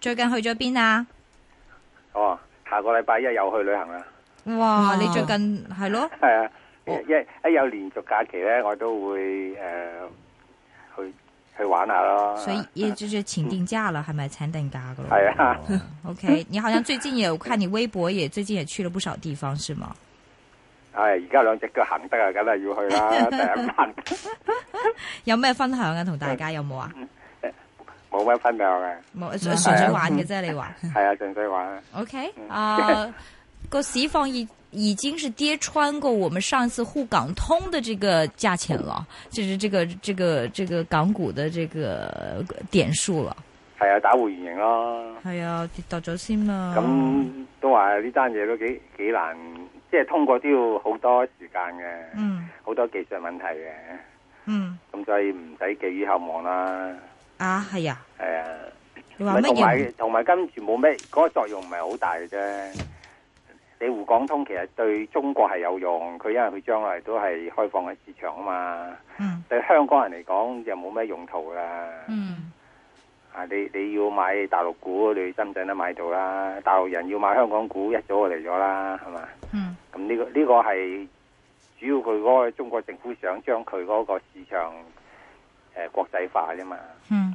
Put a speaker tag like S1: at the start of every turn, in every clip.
S1: 最近去咗邊啊？
S2: 哦，下個禮拜一又去旅行啦！
S1: 哇，啊、你最近
S2: 係咯？係啊，哦、因為一有連續假期咧，我都會誒、呃、去去玩下咯。所以要
S1: 做做請定假啦，係咪請定假噶？係啊。 OK，你好像最近有看你微博也，最近也去了不少地方，是嗎？
S2: 係而家兩隻腳行得啊，梗係要去啦。 第一
S1: 二 有咩分享啊？同大家有冇啊？
S2: 冇咩分別嘅，純粹有、啊、玩嘅啫。你話係 啊，純
S3: 粹玩。
S1: OK，啊、uh, 個市況已已經係跌穿過我們上一次滬港通嘅這個價錢咯，就係、這個、這個、這個、這個港股的這個點數咯。
S2: 係啊，打回原形咯。係啊，跌到咗先啦。咁、嗯、都話呢單嘢都幾幾難，即係通過都要好多時間嘅。嗯。好多技術問題嘅。嗯。咁所以唔使寄予厚望啦。啊，
S3: 係啊，係啊，同埋
S2: 同埋跟住冇咩嗰個作用唔係好大嘅啫。你滬港通其實對中國係有用，佢因為佢將來都係開放嘅市場啊嘛。嗯，對香港人嚟講就冇咩用途啦。嗯，啊，你你要買大陸股，你去深圳都買到啦。大陸人要買香港股，一早就嚟咗啦，係嘛？
S3: 嗯，
S2: 咁呢個呢個係主要佢嗰個中國政府想將佢嗰個市場。誒，國際化啫嘛，嗯、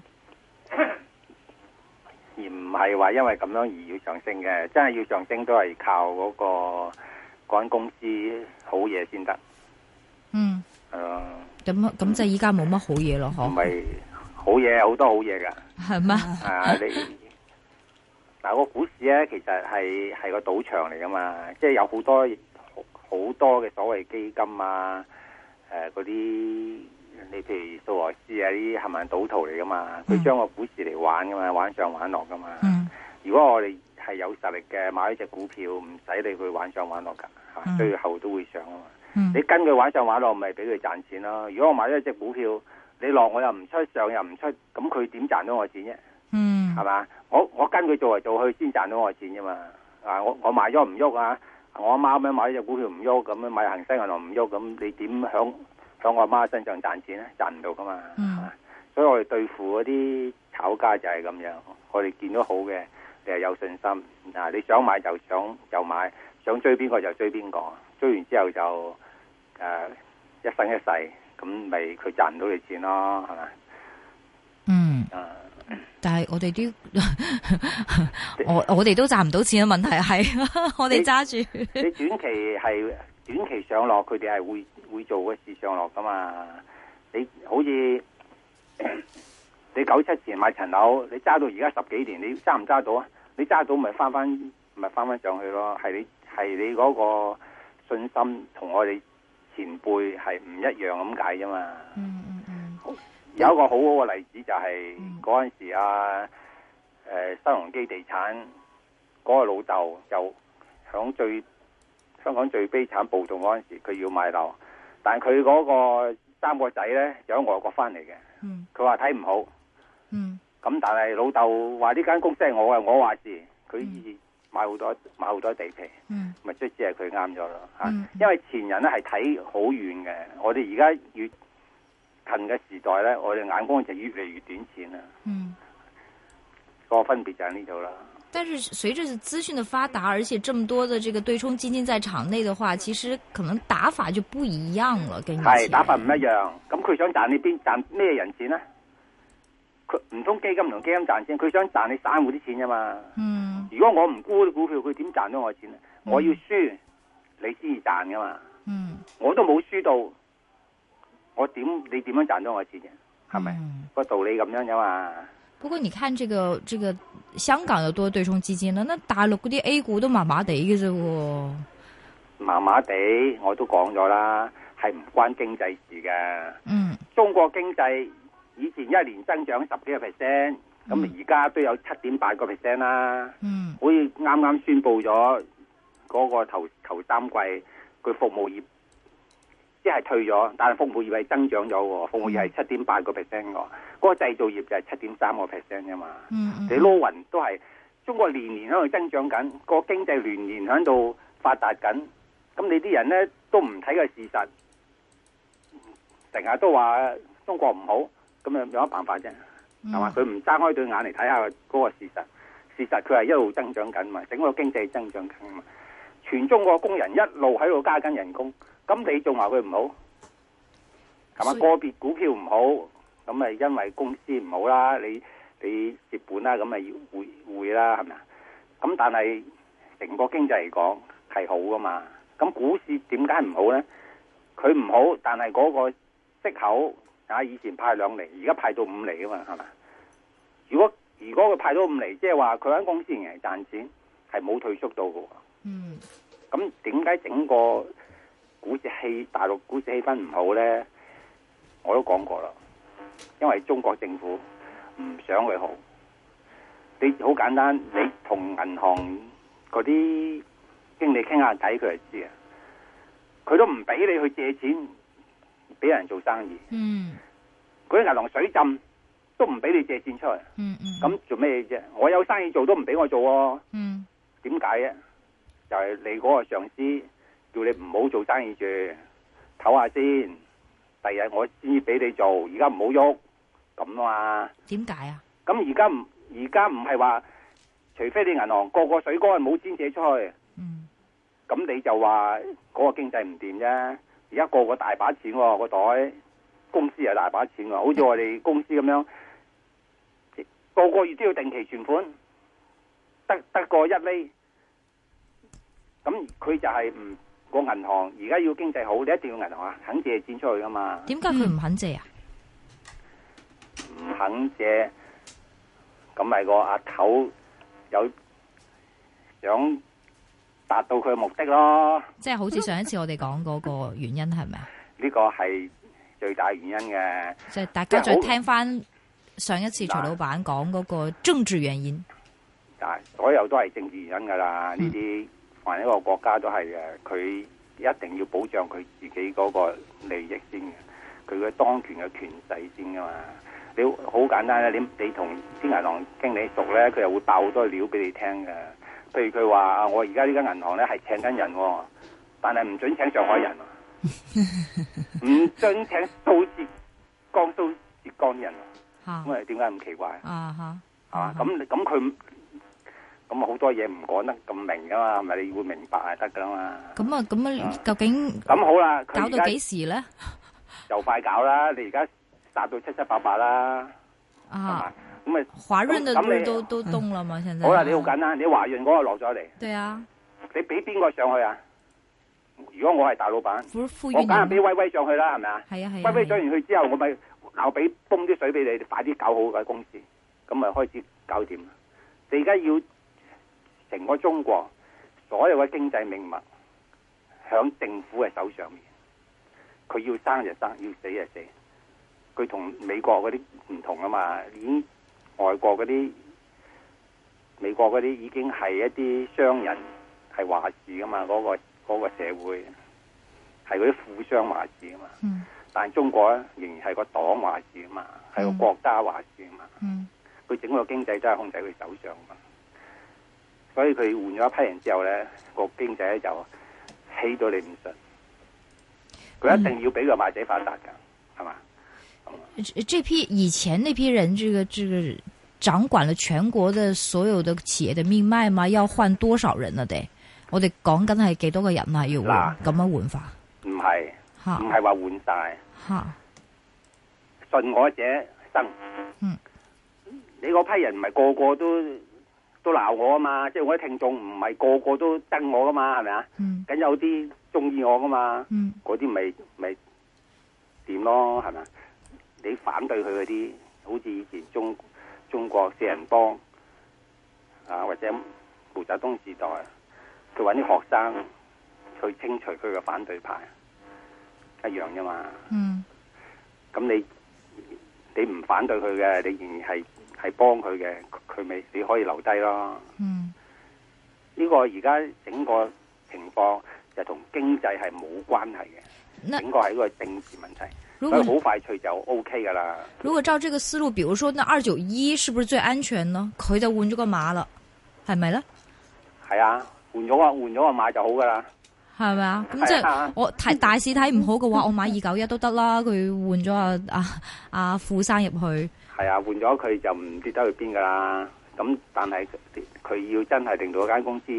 S2: 而唔係話因為咁樣而要上升嘅，真係要上升都係靠嗰、嗰個嗰間、嗰間、公司好嘢先得。嗯，誒、啊，
S1: 咁咁即係依家冇乜好嘢咯，嗬？唔係，
S2: 好嘢好多好嘢噶。係
S1: 咩是嗎、 啊？啊，你
S2: 嗱個股市咧、啊，其實係係個賭場嚟噶嘛，即係有好多好多嘅所謂基金啊，誒嗰啲。你譬如蘇俄斯啊啲係咪賭徒嚟噶嘛？佢將個股市嚟玩噶嘛，玩上玩落噶嘛。
S3: 嗯、
S2: 如果我哋係有實力嘅買一隻股票，唔使你去玩上玩落噶嚇，最、嗯啊、後都會上啊嘛。嗯、你跟佢玩上玩落，咪俾佢賺錢咯。如果我買咗一隻股票，你落我又唔出，上又唔出，咁佢點賺到我錢啫？嗯，係嘛？我我跟佢做嚟做去，先賺到我錢啫嘛。嗱，我我買咗唔喐啊，我阿、啊、媽咁樣買咗隻股票唔喐，咁樣買恒生銀行唔喐，咁你點享？喺我阿媽，媽身上賺錢咧，賺唔到噶嘛，係嘛？
S3: 嗯、
S2: 所以我哋對付嗰啲炒家就係咁樣，我哋見到好嘅，你係有信心嗱，你想買就想就買，想追邊個就追邊個，追完之後就誒、呃、一生一世，咁咪佢賺唔到你錢咯，係咪？嗯，呃、
S1: 但係我哋都 我我哋都賺唔到錢嘅問題係，你我哋揸住
S2: 你短期係。短期上落佢哋係會會做個事上落噶嘛？你好似你九七前買層樓，你揸到而家十幾年，你揸唔揸到啊？你揸到咪翻翻咪翻翻上去咯？係你係你嗰個信心同我哋前輩係唔一樣咁解啫嘛？Mm hmm. 有一個好好嘅例子就係嗰陣時阿誒新鴻基地產嗰個老豆就響最。香港最悲慘暴動嗰陣時候，佢要買樓，但係佢嗰個三個仔咧，有喺外國翻嚟嘅，佢話睇唔好，咁、嗯、但係老豆話呢間屋真係我嘅，我話事，佢以前買好多、嗯、買好多地皮，咪即係佢啱咗咯吓，啊嗯、因為前人咧係睇好遠嘅，我哋而家越近嘅時代咧，我哋眼光就越嚟越短淺啦，嗯、個分別就喺呢度啦。
S1: 但是隨着資訊的發達，而且這麼多的這個對沖基金在場內的話，其實可能打法就不一樣了。跟住，係打法唔一
S2: 樣，咁佢想賺你邊賺咩人錢呢？佢唔通基金同基金賺錢？佢想賺你散戶啲錢吖嘛？
S3: 嗯。如果
S2: 我唔沽股票，佢點賺到我錢呢？嗯、我要輸，你先賺噶嘛？嗯。我都冇輸到，我點你點樣賺到我錢啫？係咪、嗯？個、嗯、道理咁樣咋嘛？
S1: 不過你看這個，這個香港有多對沖基金咧？那大陸嗰啲 A 股都麻麻地嘅啫喎，
S2: 麻麻地我都講咗啦，係唔關經濟事嘅。嗯，中國經濟以前一年增長十幾個 percent，咁而家都有七點八個 percent 啦。嗯，好似啱啱宣布咗嗰個頭頭三季佢服務業，即係退咗，但係服務業係增長咗，服務業係七點八個 percent 個。個製造業就係七點三個 percent 㗎嘛，mm hmm。你撈勻都係中國年年喺度增長緊，個經濟年年響度發達緊，咁你啲人咧都唔睇個事實，成日都話中國唔好，咁啊有乜辦法啫？
S3: 係嘛、mm，佢唔
S2: 睜開對眼嚟睇下嗰個事實，事實佢係一路增長緊嘛，整個經濟增長緊嘛，全中國工人一路喺度加緊人工，咁你仲話佢唔好？係嘛以，個別股票唔好。咁咪因為公司唔好啦，你你蝕本啦，咁咪要會會啦，係咪啊？咁但係成個經濟嚟講係好噶嘛？咁股市點解唔好咧？佢唔好，但係嗰個息口啊，以前派兩厘，而家派到五厘吖嘛，係咪？如果如果佢派到五厘，即係話佢喺公司仍然賺錢，係冇退縮到嘅。嗯。咁點解整個股市氣大陸股市氣氛唔好咧？我都講過啦。因為中國政府唔想佢好，你好簡單，你同銀行嗰啲經理傾下偈，佢就知啊。佢都唔俾你去借錢俾人做生意。嗯，嗰啲銀行水浸都唔俾你借錢出嚟。嗯
S3: 嗯。咁
S2: 做咩啫？我有生意做都唔俾我做。嗯。點解咧？就係你嗰個上司叫你唔好做生意住，唞下先。第日我先俾你做，而家唔好喐。咁啊？點解啊？咁而家唔而家唔係話，除非你銀行個個水缸冇錢借出去，咁、嗯、你就話嗰、嗰個經濟唔掂啫。而家個個大把錢個、哦、袋，公司又大把錢，好似我哋公司咁樣，嗯、個個月都要定期存款，得得過一、那個一厘，咁佢就係唔個銀行而家要經濟好，你一定要銀行啊，肯借錢出去噶嘛？
S1: 點解佢唔肯借啊？嗯
S2: 等借咁咪個阿頭有想達到佢嘅目的咯，
S1: 即係好似上一次我哋講嗰個原因係
S2: 咪啊？呢 個係最大原因嘅。即係大家再聽
S1: 翻上一次徐是老闆講嗰個政治原因，
S2: 啊，所有都係政治原因噶啦。呢啲凡一個國家都係嘅，佢一定要保障佢自己嗰個利益先嘅，佢嘅當權嘅權勢先噶嘛。你好簡單咧，你你同啲銀行經理熟咧，佢又會爆好多料俾你聽嘅。譬如佢話啊，我而家呢間銀行咧係請緊人，但係唔準請上海人，啊，唔 準請蘇浙江蘇浙江人，啊。喂、啊，點解咁奇怪啊？啊吓，係、啊、嘛？咁咁佢咁好多嘢唔講得咁明噶嘛，係咪你會明白就得噶嘛？咁啊，
S1: 咁啊，究竟咁
S2: 好啦？搞到幾時咧？就快搞啦！你而家。達到七七八八啦，係咁咪華潤嘅都你都
S1: 都動了、嗯、現在好啦，你好簡單、啊，你華潤嗰
S2: 個落咗嚟。對啊，你俾邊個上去啊？如果我係大老闆，我梗係俾威威上去啦，係咪啊？係吧啊係。啊威威上完去之後，我咪我俾泵啲水俾你，給給你你快啲搞好個公司，咁咪開始搞掂。你而家要成個中國所有嘅經濟命脈響政府嘅手上面，佢要生就生，要死就死。佢同美國嗰啲唔同啊嘛，已經外國嗰啲美國嗰啲已經係一啲商人係話事噶嘛，嗰、嗰個嗰個社會係嗰啲富商話事啊嘛。嗯、但係中國咧仍然係個黨話事啊嘛，係、嗯、個國家話事啊嘛。佢、嗯、整個經濟都係控制佢手上，啊嘛。所以佢換咗一批人之後咧，個經濟咧就起到你唔信。佢一定要俾個馬仔發達噶。嗯
S1: 這批以前那批人，這個這個掌管了全國的所有的企業的命脈嗎？要換多少人啊？得我哋講緊係幾多個人啊？要嗱咁樣是哈換法，
S3: 唔係
S2: 唔係話換晒吓，信我者生。嗯，你嗰批人唔係個個都都鬧我啊嘛？即係我啲聽眾唔係個個都憎我噶嘛？係咪啊？咁，嗯、有啲中意我噶嘛？嗰啲咪咪點咯？係咪？你反對佢嗰啲，好似以前中中國四人幫啊，或者毛澤東時代，佢搵啲學生去清除佢嘅反對派，一樣啫嘛。嗯。咁你你唔反對佢嘅，你仍然係係幫佢嘅，佢咪你可以留低咯。嗯。呢個而家整個情況就同經濟係冇關係嘅，整個係一個政治問題。佢好快脆就 O K 噶啦。
S1: 如果照呢個思路，比如說，那二九一是不是最安全呢？佢就再咗這個麻了，係咪啦？
S2: 係啊，換咗啊，換咗啊，買就好噶啦。
S1: 係咪、就是、啊？咁即係我睇大市睇唔好嘅話，我買二九一都得啦。佢換咗啊 啊啊富生入去。
S2: 係啊，換咗佢就唔知得去邊噶啦。咁但係佢要真係定到間公司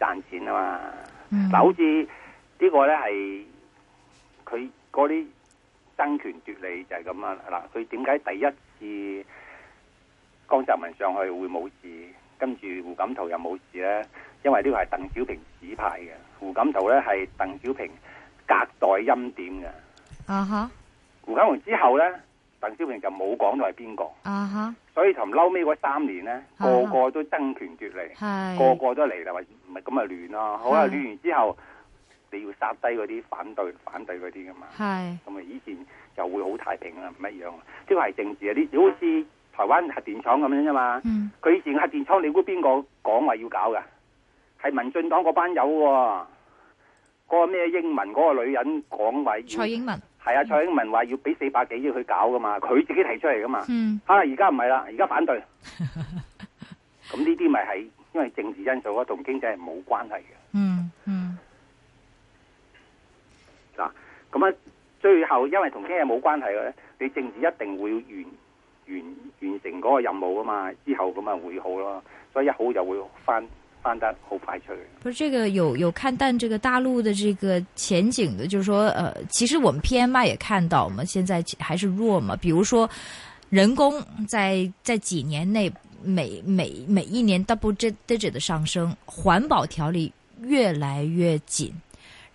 S2: 賺錢啊嘛。嗱、嗯，好似、這個、呢個咧係佢嗰啲。爭權奪利就係咁啊，嗱，佢點解第一次江澤民上去會冇事，跟住胡錦濤又冇事呢？因為呢個係鄧小平指派嘅，胡錦濤呢係鄧小平隔代欽點嘅。啊哈、uh！Huh. 胡錦濤之後呢，鄧小平就冇講到係邊個。啊哈、uh！Huh. 所以從嬲尾嗰三年呢，個個都爭權奪利，uh huh. 個個都嚟啦，話唔係咁啊亂咯。好啊，亂完之後。Uh huh. 你要殺低嗰啲反對、反對嗰啲噶嘛？係咁啊！以前就會好太平啦，唔一樣。即係政治啊，啲好似台灣核電廠咁樣啫嘛。佢，嗯、以前核電廠，你估邊個講話，要搞噶？係民進黨嗰班友，啊，嗰，嗰個咩英文嗰，嗰個女人講話，蔡英文係啊，蔡英文話要俾四百幾億去搞噶嘛，佢自己提出嚟噶嘛。嗯，啊，而家唔係啦，而家反對。咁呢啲咪係因為政治因素啊，同經濟係冇關係嘅。嗯。咁啊，最後因為同經濟冇關係嘅，你政治一定會完完完成個任務啊嘛，之後咁啊會好咯，所以一好就會翻翻得
S3: 好快脆。嚟。
S1: 不是這個有有看淡這個大陸的這個前景的，就是說，呃，其實我們 PMI 也看到嘛，現在還是弱嘛。比如說人工在在幾年內，每每每一年 double digit 的上升，環保條例越來越緊。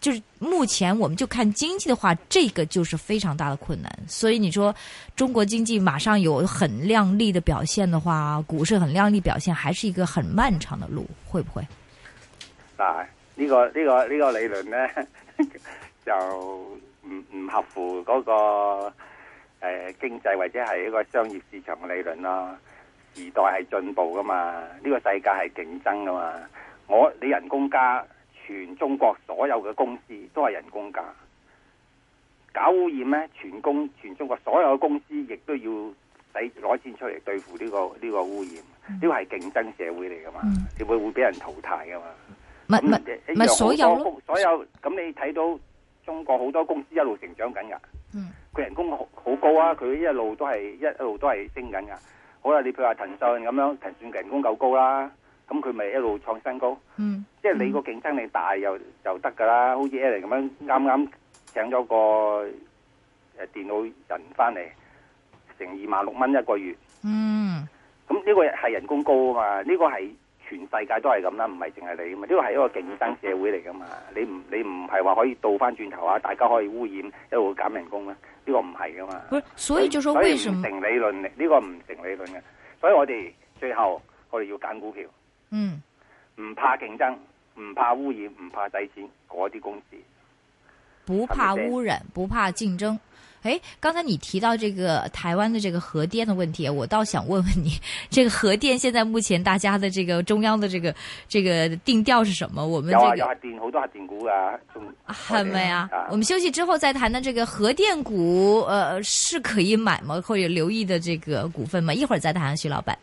S1: 就是目前，我們就看經濟的話，這個就是非常大的困難。所以你說，中國經濟馬上有很靚麗的表現的話，股市很靚麗表現，還是一個很漫長的路，會不會？
S2: 啊、呢個，呢、呢個呢個呢個理論呢，呵呵就唔唔合乎嗰、嗰個誒、呃、經濟或者係一個商業市場嘅理論啦。時代係進步噶嘛，呢、呢個世界係競爭噶嘛，我你人工加。全中國所有嘅公司都係人工價，搞污染咧、啊，全公全中國所有嘅公司亦都要使攞錢出嚟對付呢、呢個呢、呢個污染，呢個係競爭社會嚟噶嘛，你、嗯、會會俾人淘汰噶嘛？
S3: 唔唔唔，所有咯，
S2: 所有咁你睇到中國好多公司一路成長緊噶，佢、嗯、人工好高啊，佢一路都係一路都係升緊噶。好啦，你譬如話騰訊咁樣，騰訊人工夠高啦。咁佢咪一路創新高？嗯，即係你個競爭力大又得噶啦，嗯、好似 A 零咁樣啱啱、嗯、請咗個電腦人翻嚟，成二萬六蚊一個月。
S3: 嗯，
S2: 咁呢個係人工高啊嘛？呢、呢個係全世界都係咁啦，唔係淨係你啊嘛？呢、呢個係一個競爭社會嚟噶嘛？你唔你唔係話可以倒翻轉頭啊？大家可以污染一路減人工啊？呢、呢個唔係噶嘛？
S3: 所以就係為什麼成
S2: 理論嚟？呢、呢個唔成理論嘅。所以我哋最後我哋要揀股票。嗯，不怕競爭，唔怕污染，唔怕使錢，嗰啲公司
S1: 是不，是不怕污染，不怕競爭。哎，剛才你提到這個台灣的這個核電的問題，我倒想問問你，這個核電現在目前大家的這個中央的這個這個定調是什
S2: 麼？我們這個、啊、核電好多核電股
S1: 啊，係咪呀？我們休息之後再談的這個核電股，呃，是可以買嗎？或者留意的這個股份嗎？一會兒再談，徐老闆。